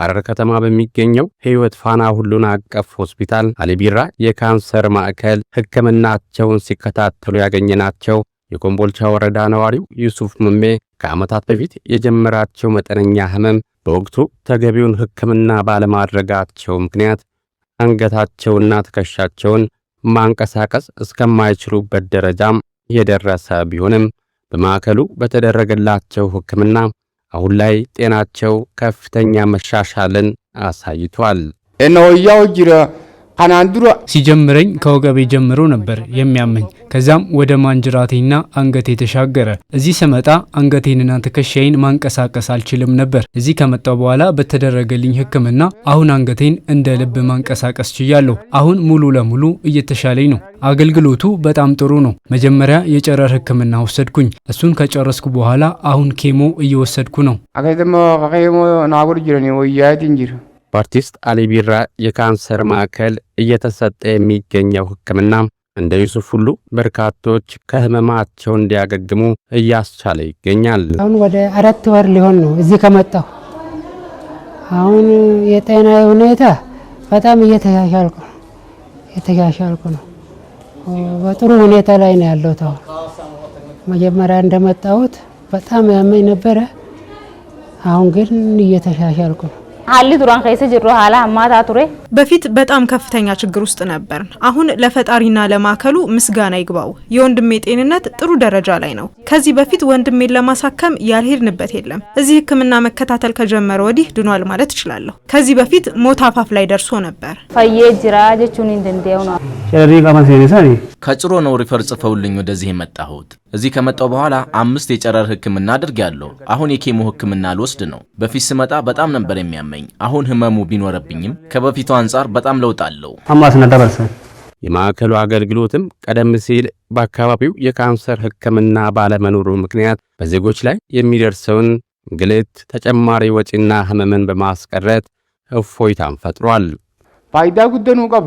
ሐረር ከተማ በሚገኘው ሕይወት ፋና ሁሉን አቀፍ ሆስፒታል አሊቢራ የካንሰር ማዕከል ሕክምናቸውን ሲከታተሉ ያገኘናቸው የኮምቦልቻ ወረዳ ነዋሪው ዩሱፍ ሙሜ ከዓመታት በፊት የጀመራቸው መጠነኛ ህመም በወቅቱ ተገቢውን ሕክምና ባለማድረጋቸው ምክንያት አንገታቸውና ትከሻቸውን ማንቀሳቀስ እስከማይችሉበት ደረጃም የደረሰ ቢሆንም በማዕከሉ በተደረገላቸው ሕክምና አሁን ላይ ጤናቸው ከፍተኛ መሻሻልን አሳይቷል። እነሆ ያው ጅራ አናንዱሮ ሲጀምረኝ ከወገቤ ጀምሮ ነበር የሚያመኝ። ከዛም ወደ ማንጅራቴና አንገቴ ተሻገረ። እዚህ ስመጣ አንገቴንና ትከሻዬን ማንቀሳቀስ አልችልም ነበር። እዚህ ከመጣው በኋላ በተደረገልኝ ሕክምና አሁን አንገቴን እንደ ልብ ማንቀሳቀስ ችያለሁ። አሁን ሙሉ ለሙሉ እየተሻለኝ ነው። አገልግሎቱ በጣም ጥሩ ነው። መጀመሪያ የጨረር ሕክምና ወሰድኩኝ። እሱን ከጨረስኩ በኋላ አሁን ኬሞ እየወሰድኩ ነው። አከ ደሞ ናጉር ጅረኒ ወያት እንጅር በአርቲስት አሊ ቢራ የካንሰር ማዕከል እየተሰጠ የሚገኘው ሕክምና እንደ ዩሱፍ ሁሉ በርካቶች ከህመማቸው እንዲያገግሙ እያስቻለ ይገኛል። አሁን ወደ አራት ወር ሊሆን ነው እዚህ ከመጣሁ። አሁን የጤና ሁኔታ በጣም እየተሻሻልኩ ነው እየተሻሻልኩ ነው። በጥሩ ሁኔታ ላይ ነው ያለሁት። አሁን መጀመሪያ እንደመጣሁት በጣም ያመኝ ነበረ። አሁን ግን እየተሻሻልኩ ነው። ሀሊ ዱራን ከይሰ ጅሮ ሀላ አማታ ቱሬ በፊት በጣም ከፍተኛ ችግር ውስጥ ነበር። አሁን ለፈጣሪና ለማዕከሉ ምስጋና ይግባው። የወንድሜ ጤንነት ጥሩ ደረጃ ላይ ነው። ከዚህ በፊት ወንድሜን ለማሳከም ያልሄድንበት የለም። እዚህ ሕክምና መከታተል ከጀመረ ወዲህ ድኗል ማለት እችላለሁ። ከዚህ በፊት ሞት አፋፍ ላይ ደርሶ ነበር። ፈዬ ጅራ ጀቹን እንደንዴው ነው ከጭሮ ነው ሪፈር ጽፈውልኝ ወደዚህ የመጣሁት። እዚህ ከመጣው በኋላ አምስት የጨረር ሕክምና አድርጌያለሁ። አሁን የኬሞ ሕክምና ልወስድ ነው። በፊት ስመጣ በጣም ነበር የሚያመኝ ነኝ። አሁን ህመሙ ቢኖርብኝም ከበፊቱ አንጻር በጣም ለውጥ አለው። የማዕከሉ አገልግሎትም ቀደም ሲል በአካባቢው የካንሰር ሕክምና ባለመኖሩ ምክንያት በዜጎች ላይ የሚደርሰውን ግልት ተጨማሪ ወጪና ህመምን በማስቀረት እፎይታን ፈጥሯል። ፋይዳ ጉደኑ ቀቡ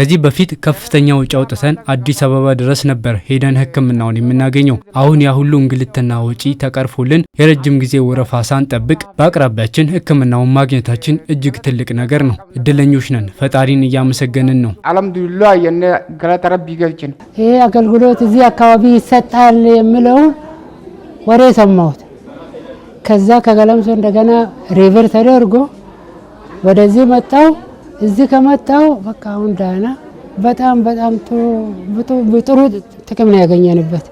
ከዚህ በፊት ከፍተኛ ወጪ አውጥተን አዲስ አበባ ድረስ ነበር ሄደን ሕክምናውን የምናገኘው። አሁን ያ ሁሉ እንግልትና ወጪ ተቀርፎልን የረጅም ጊዜ ወረፋ ሳንጠብቅ በአቅራቢያችን ሕክምናውን ማግኘታችን እጅግ ትልቅ ነገር ነው። እድለኞች ነን። ፈጣሪን እያመሰገንን ነው። አልሐምዱሊላህ የነ ገለጠረብ ይገልጭን አገልግሎት እዚህ አካባቢ ይሰጣል የሚለውን ወሬ ሰማሁት። ከዛ ከገለምሶ እንደገና ሪቨር ተደርጎ ወደዚህ መጣው። እዚህ ከመጣው በቃ አሁን ዳና በጣም በጣም ጥሩ ጥቅም ነው ያገኘንበት።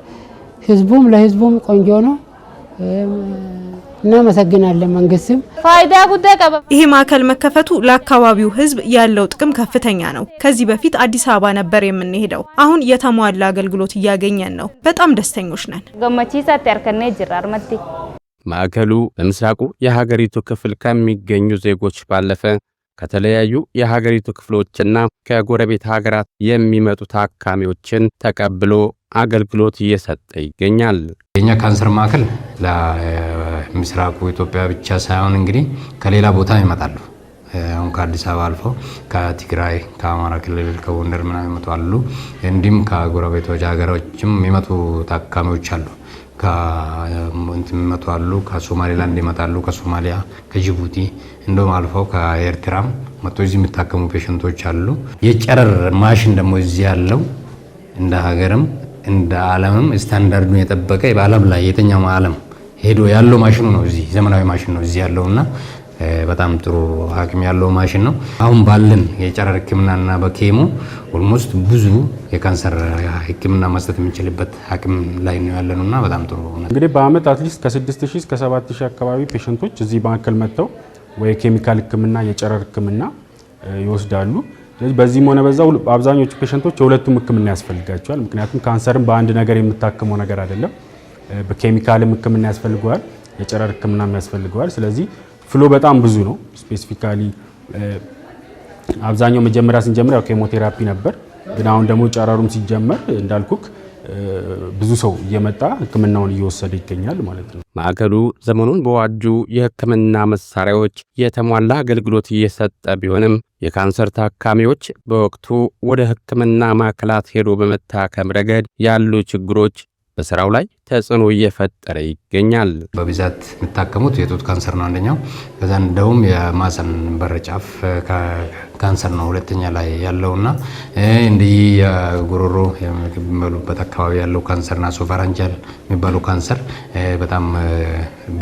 ህዝቡም ለህዝቡም ቆንጆ ነው። እናመሰግናለን መንግስትም ፋይዳ ጉዳይ ቀበ ይሄ ማዕከል መከፈቱ ለአካባቢው ህዝብ ያለው ጥቅም ከፍተኛ ነው። ከዚህ በፊት አዲስ አበባ ነበር የምንሄደው። አሁን የተሟላ አገልግሎት እያገኘን ነው። በጣም ደስተኞች ነን። ገመቺሳ ተርከነ ጅራር ማዕከሉ በምስራቁ የሀገሪቱ ክፍል ከሚገኙ ዜጎች ባለፈ ከተለያዩ የሀገሪቱ ክፍሎችና ከጎረቤት ሀገራት የሚመጡ ታካሚዎችን ተቀብሎ አገልግሎት እየሰጠ ይገኛል። የኛ ካንሰር ማዕከል ለምስራቁ ኢትዮጵያ ብቻ ሳይሆን እንግዲህ ከሌላ ቦታ ይመጣሉ። አሁን ከአዲስ አበባ አልፎ ከትግራይ፣ ከአማራ ክልል፣ ከጎንደር ምናምን ይመጡ አሉ። እንዲሁም ከጎረቤቶች ሀገሮችም የሚመጡ ታካሚዎች አሉ። ከእንትን ይመጣሉ፣ ከሶማሌላንድ ይመጣሉ፣ ከሶማሊያ፣ ከጅቡቲ እንደውም አልፈው ከኤርትራም መቶ እዚህ የሚታከሙ ፔሽንቶች አሉ። የጨረር ማሽን ደግሞ እዚህ ያለው እንደ ሀገርም እንደ ዓለምም ስታንዳርዱን የጠበቀ በዓለም ላይ የተኛው ዓለም ሄዶ ያለው ማሽኑ ነው። እዚህ ዘመናዊ ማሽን ነው እዚህ ያለውና በጣም ጥሩ አቅም ያለው ማሽን ነው። አሁን ባለን የጨረር ህክምናና በኬሞ ኦልሞስት ብዙ የካንሰር ህክምና መስጠት የምንችልበት አቅም ላይ ነው ያለነው እና በጣም ጥሩ እንግዲህ በአመት አትሊስት ከ6000 እስከ 7000 አካባቢ ፔሸንቶች እዚህ ማዕከል መጥተው ወይ ኬሚካል ህክምና የጨረር ህክምና ይወስዳሉ። ስለዚህ በዚህም ሆነ በዛ አብዛኞቹ ፔሸንቶች የሁለቱም ህክምና ያስፈልጋቸዋል። ምክንያቱም ካንሰርም በአንድ ነገር የምታክመው ነገር አይደለም። በኬሚካልም ህክምና ያስፈልገዋል፣ የጨረር ህክምናም ያስፈልገዋል። ስለዚህ ፍሎ በጣም ብዙ ነው። ስፔሲፊካሊ አብዛኛው መጀመሪያ ስንጀምር ያው ኬሞቴራፒ ነበር፣ ግን አሁን ደግሞ ጨረሩም ሲጀመር እንዳልኩክ ብዙ ሰው እየመጣ ህክምናውን እየወሰደ ይገኛል ማለት ነው። ማዕከሉ ዘመኑን በዋጁ የህክምና መሳሪያዎች የተሟላ አገልግሎት እየሰጠ ቢሆንም የካንሰር ታካሚዎች በወቅቱ ወደ ህክምና ማዕከላት ሄዶ በመታከም ረገድ ያሉ ችግሮች በስራው ላይ ተጽዕኖ እየፈጠረ ይገኛል። በብዛት የምታከሙት የጡት ካንሰር ነው አንደኛው፣ ከዛ እንደውም የማሰን በር ጫፍ ካንሰር ነው ሁለተኛ ላይ ያለውና እንዲህ የጉሮሮ የሚበሉበት አካባቢ ያለው ካንሰርና ሶፋራንጃል የሚባለው ካንሰር በጣም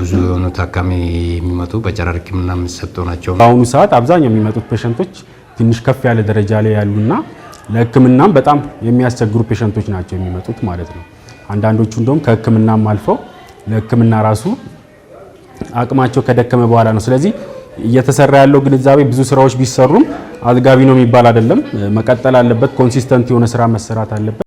ብዙ የሆኑ ታካሚ የሚመጡ በጨረር ሕክምና የሚሰጡ ናቸው። በአሁኑ ሰዓት አብዛኛው የሚመጡት ፔሸንቶች ትንሽ ከፍ ያለ ደረጃ ላይ ያሉና ለሕክምናም በጣም የሚያስቸግሩ ፔሸንቶች ናቸው የሚመጡት ማለት ነው። አንዳንዶቹ እንደውም ከህክምናም አልፈው ለህክምና ራሱ አቅማቸው ከደከመ በኋላ ነው። ስለዚህ እየተሰራ ያለው ግንዛቤ ብዙ ስራዎች ቢሰሩም አጥጋቢ ነው የሚባል አይደለም። መቀጠል አለበት። ኮንሲስተንት የሆነ ስራ መሰራት አለበት።